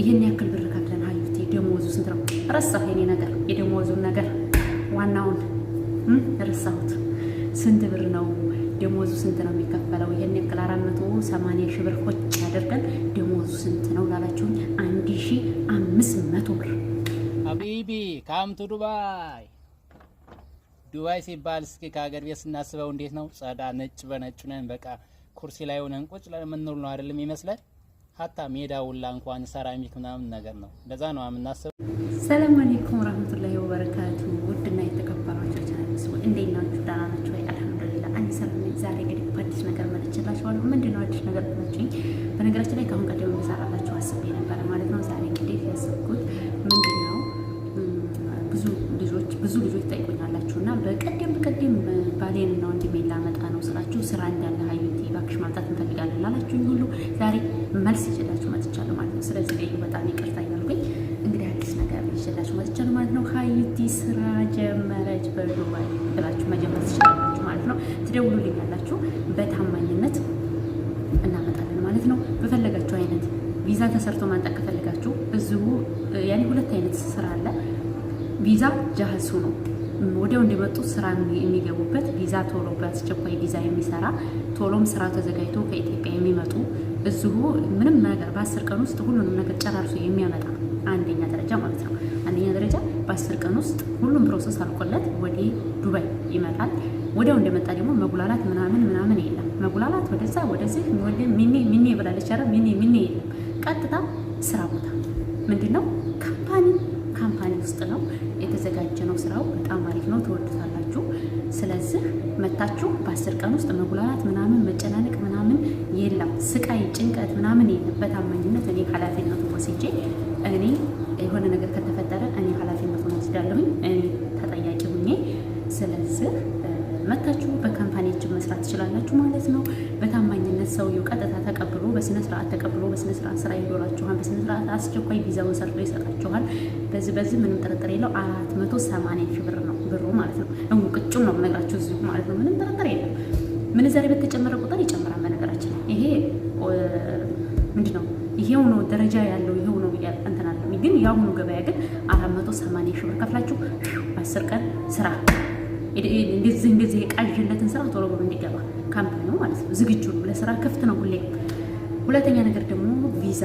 ይህን ያክል ብር ከፍለን ሀዩቴ ደሞዙ ስንት ነው? ረሳሁ። የኔ ነገር የደሞዙን ነገር ዋናውን ረሳሁት። ስንት ብር ነው ደሞዙ ስንት ነው የሚከፈለው? ይህን ያክል አራት መቶ ሰማንያ ሺህ ብር ሆጭ ያደርገን ደሞዙ ስንት ነው ላላችሁ አንድ ሺ አምስት መቶ ብር ሀቢቢ ካምቱ ዱባይ ዱባይ ሲባል እስኪ ከሀገር ቤት ስናስበው እንዴት ነው? ጸዳ ነጭ በነጭ ነን። በቃ ኩርሲ ላይ ሆነን ቁጭ ለምንውል ነው አይደለም ይመስላል ሀታ ውላ እንኳን ሰራሚክ ምናምን ነገር ነው። ለዛ ነው የምናስበው። ሰላም አለይኩም ረህመቱላሂ ወበረካቱ። ውድና የተከበራችሁ ቻናልስ እንዴት ናችሁ? ደህና ናችሁ ወይ? አልሐምዱሊላህ አንድ ሰላም። ዛሬ እንግዲህ በአዲስ ነገር መጥቻላችኋለሁ። ምንድን ነው አዲስ ነገር ብላችሁኝ፣ በነገራችን ላይ ከአሁን ቀደም የምሰራላችሁ አስቤ ነበረ ማለት ነው። ዛሬ እንግዲህ ያሰብኩት ምንድን ነው ብዙ ልጆች ብዙ ልጆች ጠይቆኛላችሁ እና በቀደም በቀደም ባሌን እና ወንድሜ ላመጣ ነው ስላችሁ ስራ እንዳለ ሀዩቲ እባክሽ ማምጣት እንፈልጋለን ላላችሁኝ ሁሉ ዛሬ መልስ ይዤላችሁ መጥቻለሁ ማለት ነው። ስለዚህ ቆዩ፣ በጣም ይቅርታ እያልኩኝ እንግዲህ አዲስ ነገር ይዤላችሁ መጥቻለሁ ማለት ነው። ሀይቲ ስራ ጀመረች በዱባይ ብላችሁ መጀመር ትችላላችሁ ማለት ነው። ትደውሉልኛላችሁ፣ በታማኝነት እናመጣለን ማለት ነው። በፈለጋችሁ አይነት ቪዛ ተሰርቶ ማንጣት ከፈለጋችሁ እዚሁ ያኔ ሁለት አይነት ስራ አለ። ቪዛ ጃህሱ ነው ወዲያው እንደመጡ ስራ የሚገቡበት ቪዛ ቶሎ በአስቸኳይ ቪዛ የሚሰራ ቶሎም ስራ ተዘጋጅቶ ከኢትዮጵያ የሚመጡ እዚሁ ምንም ነገር በአስር ቀን ውስጥ ሁሉንም ነገር ጨራርሶ የሚያመጣ አንደኛ ደረጃ ማለት ነው። አንደኛ ደረጃ በአስር ቀን ውስጥ ሁሉም ፕሮሰስ አልቆለት ወደ ዱባይ ይመጣል። ወዲያው እንደመጣ ደግሞ መጉላላት ምናምን ምናምን የለም። መጉላላት ወደዛ ወደዚህ ሚኔ ሚኔ ብላለች። ኧረ ሚኔ ሚኒ የለም። ቀጥታ ስራ ቦታ ምንድን ነው ካምፓኒ ውስጥ ነው የተዘጋጀ ነው። ስራው በጣም አሪፍ ነው፣ ትወዱታላችሁ። ስለዚህ መታችሁ በአስር ቀን ውስጥ መጉላላት ምናምን መጨናነቅ ምናምን የለም። ስቃይ ጭንቀት ምናምን የለም። በታማኝነት እኔ ኃላፊነቱን ወስጄ እኔ የሆነ ነገር ከተፈጠረ እኔ ኃላፊነቱን ወስዳለሁኝ እኔ ተጠያቂ ሁኜ ስለዚህ መታችሁ በካምፓኒያችን መስራት ትችላላችሁ ማለት ነው። በታማኝነት ሰውየው ቀጥታ ተቀ በስነ ስርዓት ተቀብሎ በስነ ስርዓት ስራ ይኖራችኋል። በስነ ስርዓት አስቸኳይ ቪዛውን ሰርቶ ይሰጣችኋል። በዚህ በዚህ ምንም ጥርጥር የለው አራት መቶ ሰማንያ ሺህ ብር ነው ብሩ ማለት ነው። እንቁቅጩም ነው የምነግራችሁ እዚሁ ማለት ነው። ምንም ጥርጥር የለም። ምንዛሬ በተጨመረ ቁጥር ይጨምራል። በነገራችን ይሄ ምንድን ነው ይሄው ነው ደረጃ ያለው ይሄው ነው እንትን አለ። ግን የአሁኑ ገበያ ግን አራት መቶ ሰማንያ ሺህ ብር ከፍላችሁ አስር ቀን ስራ እንደዚህ እንደዚህ የቃዥለትን ስራ ቶሎ ብሎ እንዲገባ ነው ማለት ነው። ዝግጁ ነው ለስራ ክፍት ነው ሁሌ ሁለተኛ ነገር ደግሞ ቪዛ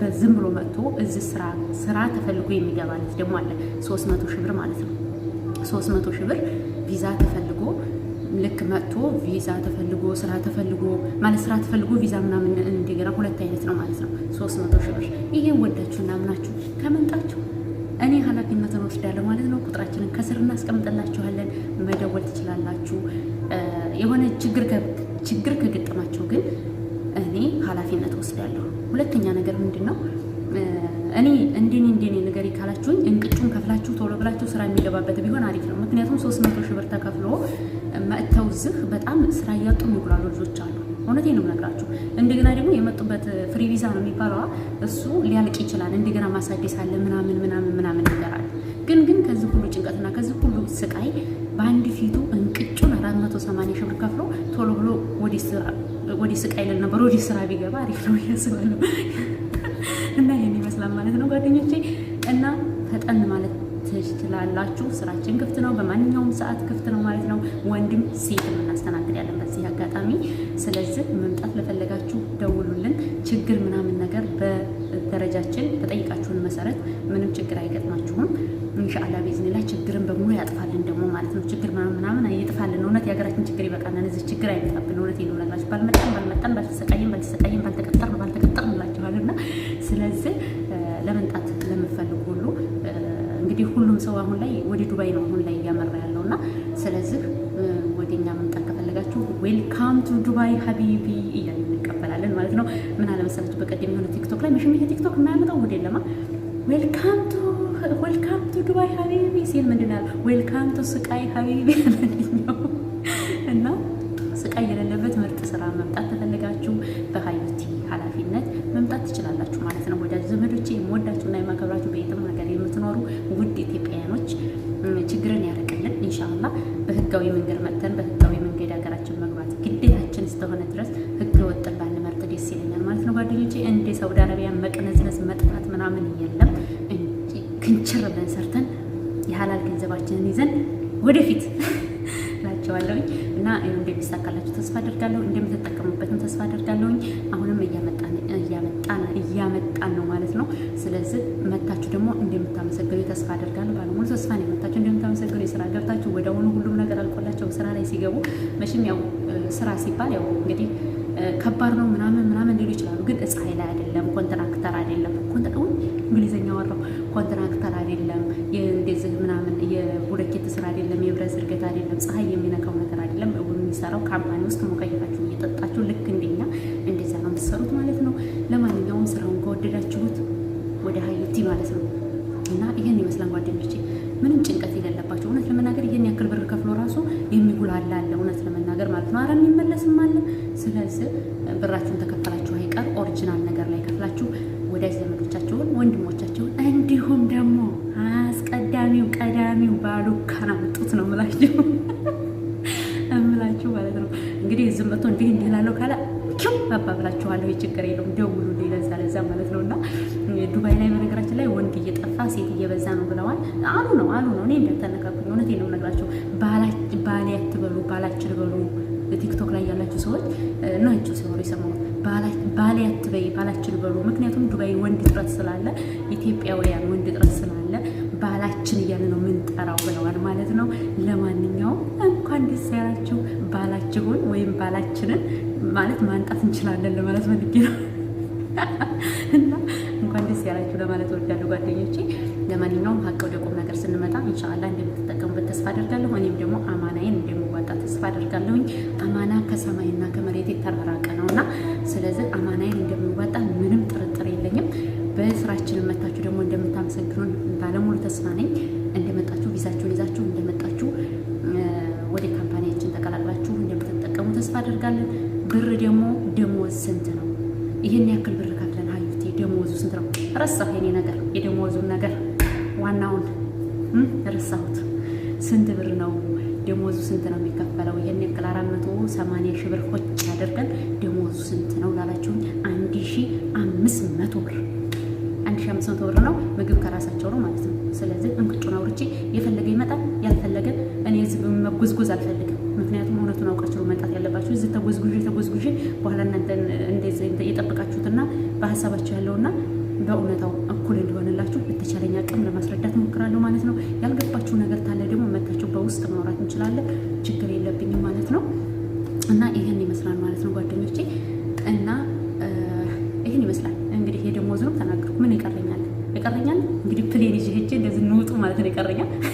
በዝም ብሎ መጥቶ እዚህ ስራ ስራ ተፈልጎ የሚገባ የሚገባለት ደግሞ አለ። ሶስት መቶ ሺህ ብር ማለት ነው። ሶስት መቶ ሺህ ብር ቪዛ ተፈልጎ ልክ መጥቶ ቪዛ ተፈልጎ ስራ ተፈልጎ ማለት ስራ ተፈልጎ ቪዛ ምናምን እንደገና ሁለት አይነት ነው ማለት ነው። ሶስት መቶ ሺህ ብር ይሄን ወዳችሁ እናምናችሁ ከመንጣችሁ እኔ ኃላፊነትን ወስዳለሁ ማለት ነው። ቁጥራችንን ከስር እናስቀምጥላችኋለን፣ መደወል ትችላላችሁ። የሆነ ችግር ችግር ሁለተኛ ነገር ምንድን ነው እኔ እንዲኔ እንዲኔ ነገር ካላችሁኝ እንቅጩን ከፍላችሁ ቶሎ ብላችሁ ስራ የሚገባበት ቢሆን አሪፍ ነው። ምክንያቱም ሶስት መቶ ሺህ ብር ተከፍሎ መጥተው ዝህ በጣም ስራ እያጡ የሚጉላሉ ልጆች አሉ። እውነቴ ነው የምነግራችሁ። እንደገና ደግሞ የመጡበት ፍሪ ቪዛ ነው የሚባለዋ እሱ ሊያልቅ ይችላል። እንደገና ማሳደስ አለ ምናምን ምናምን ምናምን ነገር አለ። ግን ግን ከዚህ ሁሉ ጭንቀትና ከዚህ ሁሉ ስቃይ በአንድ ፊቱ እንቅጩ 480 ሺህ ብር ከፍሎ ቶሎ ብሎ ወደ ስቃይ ልል ነበር። ወደ ስራ ቢገባ አሪፍ ነው እያስባለሁ እና ይህን ይመስላል ማለት ነው ጓደኞቼ እና ፈጠን ማለት ትችላላችሁ። ስራችን ክፍት ነው፣ በማንኛውም ሰዓት ክፍት ነው ማለት ነው። ወንድም ሴት ያለን በዚህ አጋጣሚ። ስለዚህ መምጣት ለፈለጋችሁ ደውሉልን። ችግር ያለብን ችግር ይበቃናል። እዚህ ችግር አይመጣብን። እውነቴን ነው እነግራችሁ። ባልመጣን ባልመጣን ባልተሰቃየን ባልተሰቃየን ባልተቀጠርን ባልተቀጠርን እንላችኋል። እና ስለዚህ ለመምጣት ለምፈልጉ ሁሉ እንግዲህ ሁሉም ሰው አሁን ላይ ወደ ዱባይ ነው አሁን ላይ እያመራ ያለው እና ስለዚህ ወደኛ መምጣት ከፈለጋችሁ ዌልካም ቱ ዱባይ ሀቢቢ እያለ እንቀበላለን ማለት ነው። ምን አለመሰላችሁ በቀደም የሆነ ቲክቶክ ላይ መሽም ቲክቶክ የማያመጣው ወደ የለማ ዌልካም ቱ ዌልካም ቱ ዱባይ ሀቢቢ ሲል ምንድን ነው ዌልካም ቱ ስቃይ ሀቢቢ ጓደኞቼ እንደ ሳውዲ አረቢያ መቅነዝነዝ መጥፋት ምናምን የለም። እንጂ ክንችር ብለን ሰርተን የሀላል ገንዘባችንን ይዘን ወደፊት ላቸዋለሁኝ እና እንደሚሳካላችሁ ተስፋ አደርጋለሁ። እንደምትጠቀሙበትም ተስፋ አደርጋለሁኝ። አሁንም እያመጣን ነው ማለት ነው። ስለዚህ መታችሁ ደግሞ እንደምታመሰግኑ ተስፋ አደርጋለሁ። ባለሙሉ ተስፋ ነው የመታችሁ እንደምታመሰግኑ የስራ ገብታችሁ ወደ አሁኑ ሁሉም ነገር አልቆላቸው ስራ ላይ ሲገቡ መቼም ያው ስራ ሲባል ያው እንግዲህ ከባድ ነው። እንግሊዝኛ ወራው ኮንትራክተር አይደለም እንደዚህ ምናምን የቡለኬት ስራ አይደለም የብረት ዝርገት አይደለም ፀሐይ የሚነካው ነገር አይደለም የሚሰራው ካምፓኒ ውስጥ ሞቀየታችሁ እየጠጣችሁ ልክ እንደኛ እንደዚያ ነው የምትሰሩት ማለት ነው። ለማንኛውም ስራውን ከወደዳችሁት ወደ ሀይቲ ማለት ነው እና ይህን ይመስላል ጓደኞቼ። ምንም ጭንቀት የሌለባቸው እውነት ለመናገር ይህን ያክል ብር ከፍሎ ራሱ የሚጉላላ አለ እውነት ለመናገር ማለት ነው። አረ የሚመለስም አለ። ስለዚህ ብራችሁን ተከፈላችሁ አይቀር ኦሪጂናል ነገር ላይ እላችኋለሁ። የችግር የለውም ደውሉ። ለዛ ለዛ ማለት ነው እና ዱባይ ላይ በነገራችን ላይ ወንድ እየጠፋ ሴት እየበዛ ነው ብለዋል አሉ ነው አሉ ነው። እኔ እንደተነካኩኝ እውነቴን ነው የምነግራቸው። ባሌ አትበሉ ባላችን በሉ ቲክቶክ ላይ ያላቸው ሰዎች ናቸው ሲሆኑ የሰማሁት ባሌ አትበይ ባላችን በሉ። ምክንያቱም ዱባይ ወንድ እጥረት ስላለ ኢትዮጵያውያን ወንድ እጥረት ስላለ ባላችን እያለ ነው ምንጠራው ብለዋል ማለት ነው። ለማንኛውም እንኳን ደስ ያላችሁ ባላችሁን ወይም ባላችንን ማለት ማንጣት እንችላለን ለማለት ፈልጌ ነው። እና እንኳን ደስ ያላችሁ ለማለት ወዳለሁ ጓደኞቼ። ለማንኛውም ሀቅ ወደ ቁም ነገር ስንመጣ እንሻላ እንደምትጠቀሙበት ተስፋ አደርጋለሁ። እኔም ደግሞ አማናዬን እንደምዋጣ ተስፋ አደርጋለሁኝ። አማና ከሰማይና ከመሬት የተራራቀ ነውና ስለዚህ አማናዬን እንደምዋጣ ምንም ጥርጥር የለኝም። በስራችን መታችሁ ደግሞ እንደምታመሰግኑን ዋናውን ረሳሁት። ስንት ብር ነው ደሞዙ? ስንት ነው የሚከፈለው? ይህን ያክል አራት መቶ ሰማንያ ሺህ ብር ሆጭ ያደርገን። ደሞዙ ስንት ነው ላላችሁኝ፣ አንድ ሺ አምስት መቶ ብር አንድ ሺ አምስት መቶ ብር ነው። ምግብ ከራሳቸው ነው ማለት ነው። ስለዚህ እንቅጩን አውርቼ የፈለገ ይመጣል፣ ያልፈለገ እኔ መጉዝጉዝ አልፈልግም። ምክንያቱም እውነቱን አውቃችሁ መምጣት ያለባችሁ እዚህ ተጉዝጉዥ ተጉዝጉዥ በኋላ እናንተ የጠበቃችሁትና በሀሳባችሁ ያለውና በእውነታው እኩል እንዲሆን በተቻለኝ አቅም ለማስረዳት ሞክራለሁ ማለት ነው። ያልገባችሁ ነገር ካለ ደግሞ መታችሁ በውስጥ ማውራት እንችላለን። ችግር የለብኝም ማለት ነው። እና ይህን ይመስላል ማለት ነው ጓደኞቼ። እና ይህን ይመስላል እንግዲህ የደሞዝ ነው ተናገርኩ። ምን ይቀረኛል? ይቀረኛል እንግዲህ ፕሌን ይዤ ሄጄ እንደዚህ እንውጡ ማለት ነው ይቀረኛል